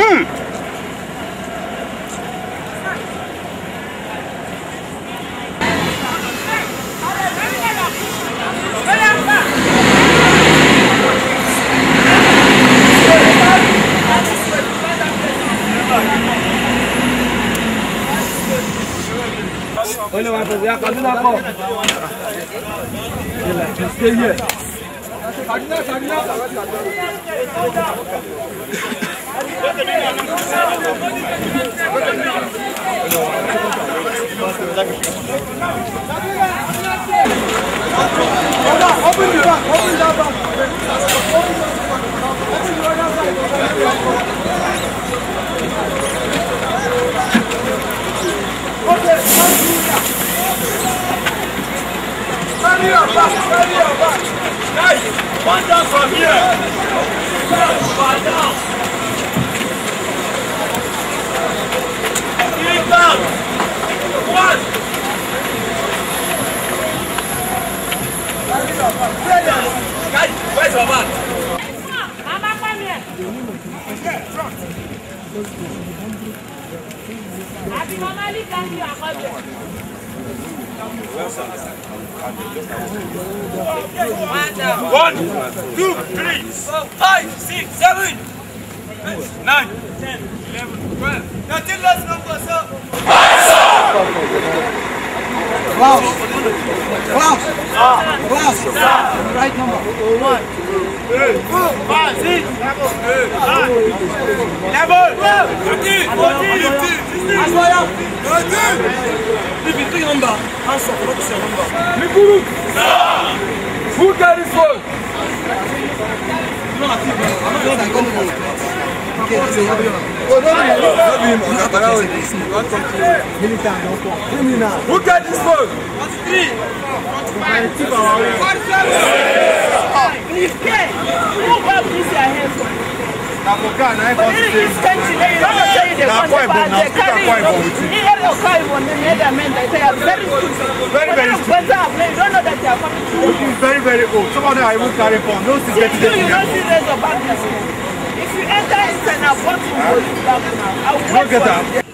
Mm. Öyle var kız ya kadın hapı. İşte Open it up, open it up. back, carry your back. Guys, one down from here. One down. Three down. One. Guys, where's your back? Abi normally can One, two, three, four, five, six, seven, eight, nine, ten, eleven, twelve. Nothing less number, sir. Klaus! Klaus! Klaus! Right number. One, two, five, six, seven, nine, eleven, twelve, thirteen, fourteen, fifteen, sixteen, seventeen, eighteen, nineteen. be 300. Hands up, not 700. Mikuru! Who carry phone? No, I think I'm not going to come home. Who get this phone? Three. Please, who help this your hair for? na for Ghana, I want to say. Na Akwa Ibom, na speak Akwa Ibom with car even made amends. I say I'm very stupid. Very, when very stupid. When I'm playing, don't know that you are coming to me. She's very, very old. Somebody I will carry for. No, she's getting You don't she raised a bad If you enter into an abortion, you will be back now. I will wait for you.